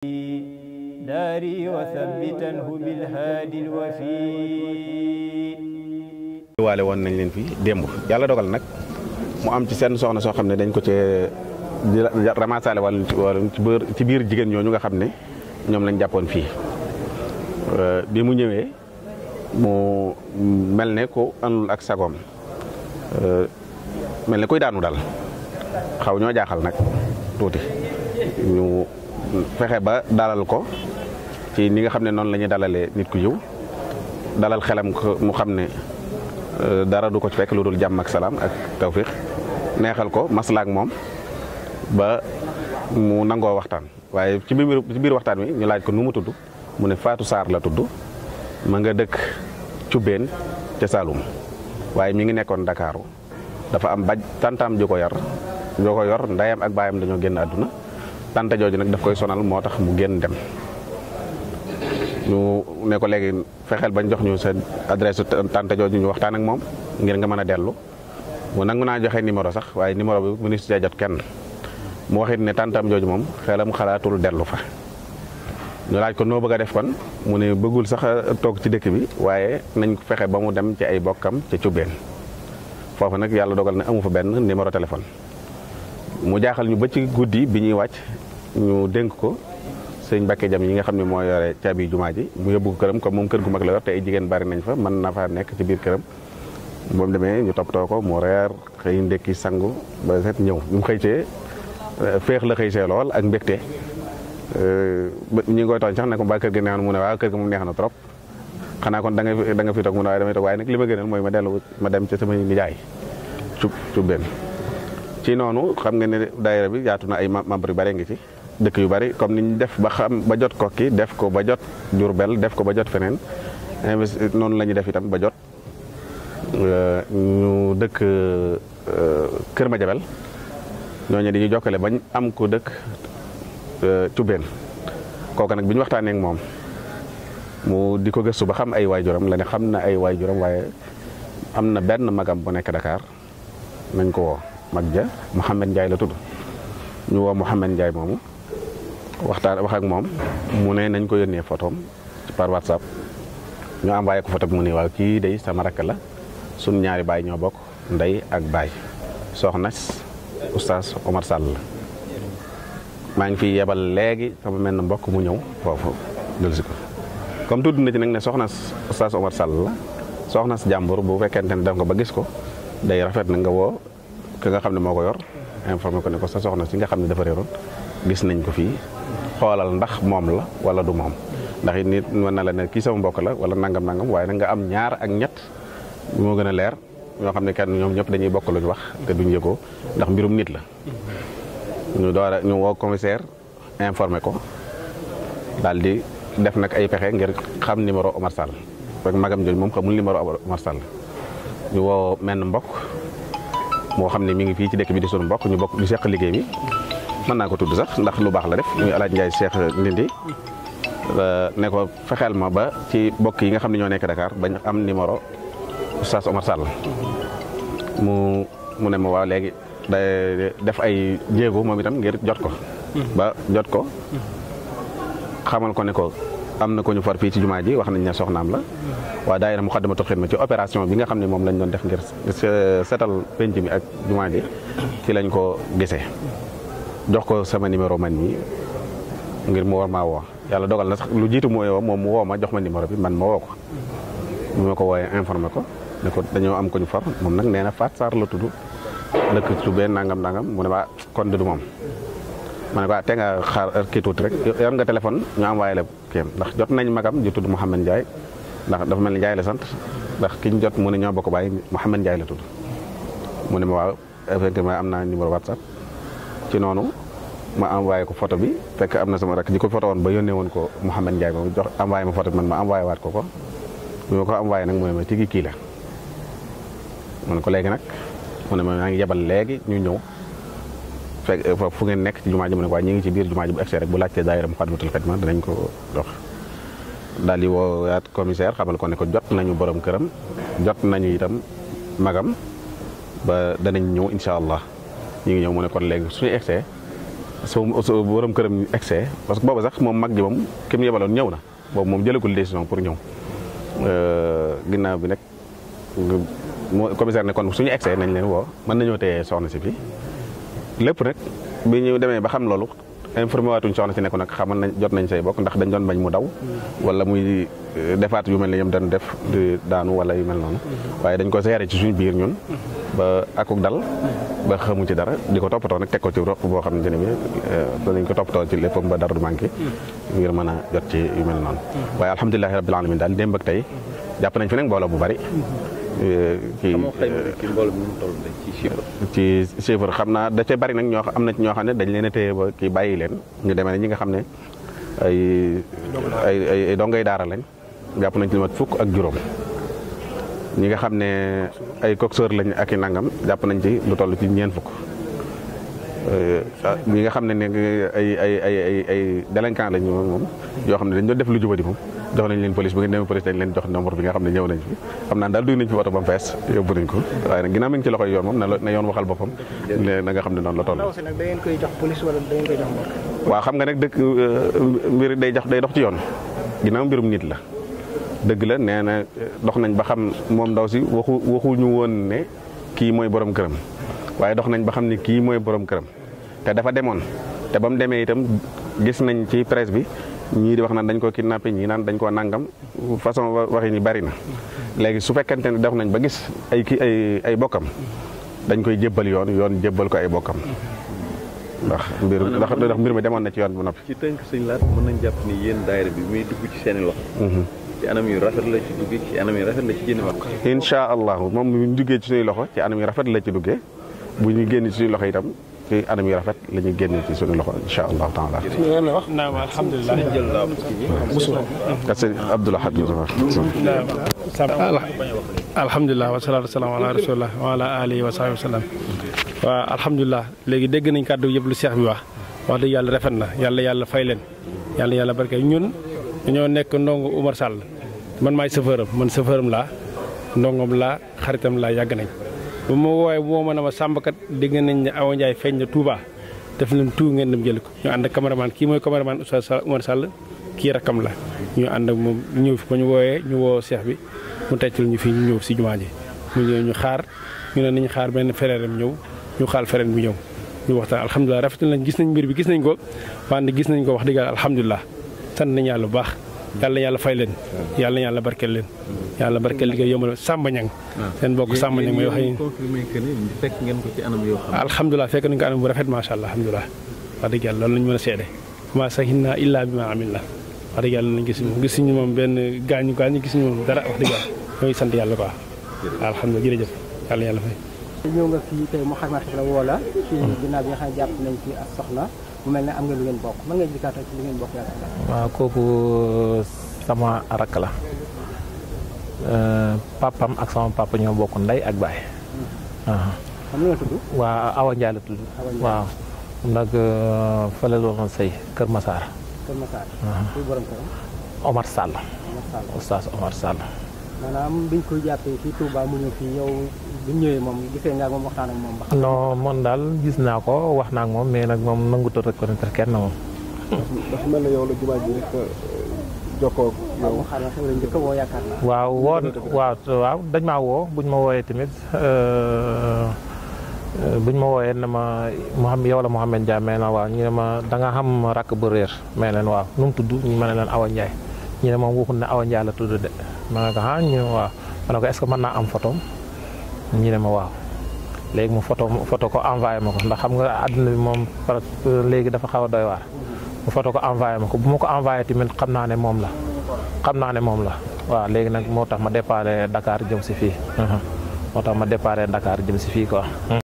داري وثبته woon nañ leen fii démb yàlla nag mu am ci seen soxna soo xam ne dañ ko ci ramasale wàllu ci biir jigéen ñooñu nga xam ne ñoom lañ jàppoon fii euh, bi mu ñëwee mu mel ne ku àndul ak sagoom euh, mel ne kuy daanu daal xaw ñoo jaxal nag tuuti fexe ba dalal ko ci ni nga xam ne noonu lañuy ñuy dalalee nit ku yiw dalal xelam mu xam ne euh, dara du ko ci fekk lu dul jàmm ak salaam ak tawfiq neexal ko maslaak moom ba mu nangoo waxtaan waaye ci biir ci biir waxtaan wi ñu laaj ko nu mu tudd mu ne faatu saar la tudd ma nga dëkk Cubbeen ca Saloum waaye mu ngi nekkoon Ndakaaru dafa am baj tantam ju ko yar ju ko yor ndeyam ak baayam dañoo génn àdduna tante jooju nag daf koy sonal moo tax mu génn dem ñu ne ko léegi fexeel bañ jox ñu sa adresse tante jooju ñu waxtaan ak moom ngir nga mën a dellu mu nangu naa joxe numéro sax waaye numéro bi ministre jot kenn mu waxit ne tantam jooju moom xelam xalaatul dellu fa ñu laaj ko noo bëgg a def kon mu ne bëggul sax toog ci dëkk bi waaye nañ ko fexe ba mu dem ci ay bokkam ci cubbeen foofu nag yàlla dogal na amu fa benn numéro téléphone mu jaaxal ñu ba ci guddi bi ñuy wàcc ñu dénk ko sëñ Mbacke jam yi nga xam ne moo yore caabi jumaa ji mu yóbbu ko këram comme moom kër gu mag la yor te ay jigéen bari nañ fa man na faa nekk ci biir këram moom demee ñu toppatoo ko mu reer xëy ndekki sangu ba set ñëw ñu mu xëytee euh, féex la xëy lool ak mbégte euh, ñu ngi koy tooñ sax ne ko mbaa kër gi mu ne waaw kër moom neex na trop xanaa kon da nga da nga fi toog mu ne waaye damay toog waaye nag li ma gënal mooy ma dellu ma dem ca sama nijaay cub cub benn ci noonu xam nga ne daayira bi yaatu na ay membre yu bare ngi ci dëkk yu bari comme ni ñu def ba xam ba jot kokki def ko ba jot Jurbel def ko ba jot feneen investi noonu la ñuy def itam ba jot euh, ñu dëkk euh, Kër Madiabel ñooñu dañuy jokkale bañ am ko dëkk Cubeen euh, kooka nag bi ñu waxtaanee moom mu di ko gëstu ba xam ay waajuram la ne xam na ay waajuram waaye am na benn magam bu nekk Dakar nañ ko mag ja Mouhamed njaay la tudd ñu woo Mouhamed Ndiaye moomu waxtaan wax ak moom mu ne nañ ko yónnee photom ci par whatsapp ñu envoyé ko photo mu ne waaw kii day sama rakk la sun ñaari baay ñoo bokk ndey ak baay soxna oustaz Omar Sall la maa ngi fiy yebal léegi sama mel na mbokk mu ñëw foofu dël si ko comme na ne soxnas oustaz Omar Sall soxnas jàmbur bu fekkente ne def nga ba gis ko day rafet na nga woo ki nga xam ne moo ko yor informé ko ne ko sa soxna si nga xam ne dafa réeroon gis nañ ko fii xoolal ndax moom la wala du moom ndax it nit mën na la ne kii sama mbokk la wala nangam nangam waaye nag nga am ñaar ak ñett moo gën a leer ñoo xam ne kenn ñoom ñëpp dañuy bokk luñ wax te duñ yëgoo ndax mbirum nit la ñu door ñu woo commissaire informé ko daal di def nag ay pexe ngir xam numéro Omar Sall rek magam jooju moom xamul numéro Omar Sall ñu woo menn moo xam ne mi ngi fii ci dëkk bi di sunu mbokk ñu bokk ñu seq liggéey bi mën naa ko tudd sax ndax lu baax la def muy alaaj Ndiaye Cheikh Ndindi ne ko fexeel ma ba ci bokk yi nga xam ne ñoo nekk Dakar bañ am numéro Oustaz Omar Sall mu mu ne ma waaw léegi def ay jéego moom itam ngir jot ko hmm. ba jot ko hmm. xamal ko ne ko am na ko ñu for fii ci jumaa ji wax nañ ne soxnaam la waa daayira Muqaddamatul ma ci opération bi nga xam ne moom lañ doon def ngir setal penc mi ak jumaa ji ci lañ ko gisee jox ko sama numéro man mi ngir mu war maa woo yàlla dogal na sax lu jiitu mooy woo moom mu woo ma jox ma numéro bi man ma woo ko bu ma ko wooyee informé ko ne dañoo am ko ñu for moom nag nee na Faat Sarr la tudd dëkk Toubé nangam nangam mu ne waa ah, kon du moom ma ne ko ah te nga euh, tuuti rek yor nga téléphone ñu envoyé la kii ndax jot nañ magam ju tudd Mouhamed Ndiaye ndax dafa mel ni Ndiaye la sant ndax ki ñu jot mu ne ñoo bokk bàyyi Mouhamed Ndiaye la tudd mu ne ma waaw effectivement am naa numéro WhatsApp ci noonu ma envoyé ko photo bi fekk am na sama rakk ji ko photo woon ba yónnee woon ko Mouhamed Ndiaye moom jox envoyé ma photo bi man ma envoyé waat ko ko bi ma ko envoyé nag mu ne ma tigi kii ne ko léegi nag mu ne ma maa ngi yebal léegi ñu ñëw fekk eh, fu ngeen nekk ci jumaa ji mu ne ko waaye ñu ngi ci biir jumaa ji bu egsi rek bu laajtee daayira Moukhaddamatoul Khidma danañ ko dox daal di woowaat commissaire xamal ko ne ko jot nañu borom këram jot nañu itam magam ba danañ ñëw incha allah ñu ngi ñëw mu ne kon léegi suñu egsee su borom këram egsee parce que booba sax moom mag ji moom ki yebaloon ñëw na boobu moom jëlagul décision pour ñëw euh, ginnaaw bi nag commissaire ne kon suñu egsee nañ leen woo mën nañoo téye soxna si fii lépp rek bi ñu demee ba xam loolu informé waatuñ soxna ci nekku nag xamal nañ jot nañ say bokk ndax dañ doon bañ mu daw wala muy euh, defaat yu mel ne yam doon def di daanu wala yu mel noonu waaye dañ ko seere ci suñ biir ñun ba akuk dal ba xamu ci dara di ko toppatoo nag teg ko ci roq boo xam ne bi euh, danañ ko toppatoo ci léppam ba dara du manqué ngir mën a jot ci yu mel noonu mm-hmm. waaye alhamdulilahi rabbil alamin daal démb ak tey jàpp nañ fi nag mbooloo bu bari kii euh, ci chiffre xam naa da ca bari nag ñoo am na ci ñoo xam ne dañ leen a téye ba kii bàyyi leen ñu demee ñi nga xam ne ay dongoy daara lañ jàpp nañ ci lu fukk ak juróom ñi nga xam ne ay coxeur lañ ak i nangam jàpp nañ ci lu toll ci ñeen fukk euh, ñi nga xam ne ne ay ay ay ay ay délinquant lañ moom yoo xam ne dañ doon def lu jubadi moom jox nañ leen police bu ngeen demee police dañ leen jox nombre bi nga xam ne ñëw nañ fi xam naa daal duy nañ fi oto ba mu fees yóbbu nañ ko waaye nag ginnaaw mi ngi ci loxoy yoon moom na yoon waxal boppam ne na nga xam ne noonu la toll waaw xam nga nag dëkk euh, mbir day jox day dox ci yoon ginnaaw mbirum nit la dëgg la nee na euh, dox nañ ba xam moom ndaw si waxu waxuñu woon ne kii mooy borom këram waaye dox nañ ba xam ne kii mooy borom këram te dafa demoon te ba mu demee itam gis nañ ci presse bi ñii di wax naan dañ ko kidnappé ñii naan dañ koo nangam façon waxi ni bari na léegi su fekkente ne def nañ ba gis ay ki ay ay bokkam dañ koy jëbbal yoon yoon jébbal ko ay bokkam ndax mbir ndax ndax mbir mi demoon na ci yoon bu noppi. ci tënk sëñ laat mën nañ jàpp ni yéen daayira bi muy dugg ci seeni loxo. Mhm. ci anam rafet la ci duggee ci anam yu rafet la ci moom mu ñu duggee ci suñuy loxo ci anam yi rafet la ci duggee bu ñu génn ci suñuy loxo itam ci anam rafet la ñu génne ci suñu loxo incha allahu taala. wax naam alhamdulilah. alhamdulilah wasalaatu wasalaam ala wa ala wa sahbihi wa sallam léegi dégg nañ kàddu yëpp lu seex bi wax wax dëgg yàlla rafet na yàlla yàlla fay leen yàlla yàlla barke ñun ñoo nekk ndongo Umar Sall man maay chauffeur man chauffeur laa ndongom laa xaritam laa yàgg nañ ba ma woowee woo ma ne ma kat dégg nañ ne Awa Ndiaye feeñ na Touba def leen tout ngeen dem jëli ko ñu ànd ak caméraman kii mooy caméraman Oustaz Oumar Sall kii rakkam la ñu ànd ak moom ñëw fi ko ñu wooyee ñu woo seex bi mu teccal ñu fii ñu ñëw si jumaa ji mu ñëw ñu xaar ñu ne nañu xaar benn fereeram ñëw ñu xaal fereen bi ñëw ñu waxtaan alhamdulilah rafetal nañ gis nañ mbir bi gis nañ ko wante gis nañ ko wax dëgg yàlla alhamdulilah sant nañ yàlla bu baax yàlla na yàlla fay leen yàlla na yàlla barkeel leen yàlla barkeel liggéey yombal Samba Niang seen bokk Samba Niang mooy wax fekk ngeen ko ci anam yoo xam alhamdulilah fekk nañ ko anam bu rafet macha allah alhamdulilah wax dëgg yàlla loolu a la wax dëgg yàlla nañ gis moom gis ñu moom benn gaañu gaañu gis ñu moom dara wax dëgg yàlla ñooy sant yàlla quoi alhamdulilah jërëjëf yàlla yàlla la nañ ci ak soxna mu mel ne am nga lu ngeen bokk mën lu ngeen kooku sama rakk la euh, papam ak sama papa ñoo bokk ndey ak baay xam hmm. ah. nga la tudd waaw nag euh, fële loolu sëy Kër Massar ah. Omar Sall Oustaz Omar Sall maanaam biñ koy jàppee fii Touba mu ñëw moom daal gis naa ko wax naa ak moom mais nag moom nangu toog reconnaître kenn moom. dafa mel ne yow euh, waaw dañ ma woo buñ ma wooyee tamit euh, euh, buñ ma wooyee ne ma Mouhamed yow la Mouhamed Ndiaye may na waaw ñu ne ma da xam rakk bu réer may waaw nu mu tudd ñu ma ne Awa Ndiaye ñu ne moom waxul ne Awa Ndiaye la tudd de. ma ne ko ah ñu ne ma waaw ma ne ko est ce am photo ñu ne ma waaw léegi mu photo photo ko envoyé ma ko ndax xam nga àdduna moom léegi dafa xaw a doy waar mu ko envoyé ma ko bu ma ko envoyé tamit xam naa ne moom la xam naa ne moom la waaw léegi nag moo tax ma déparé Dakar jëm si fii moo tax ma déparé Dakar jëm si fii quoi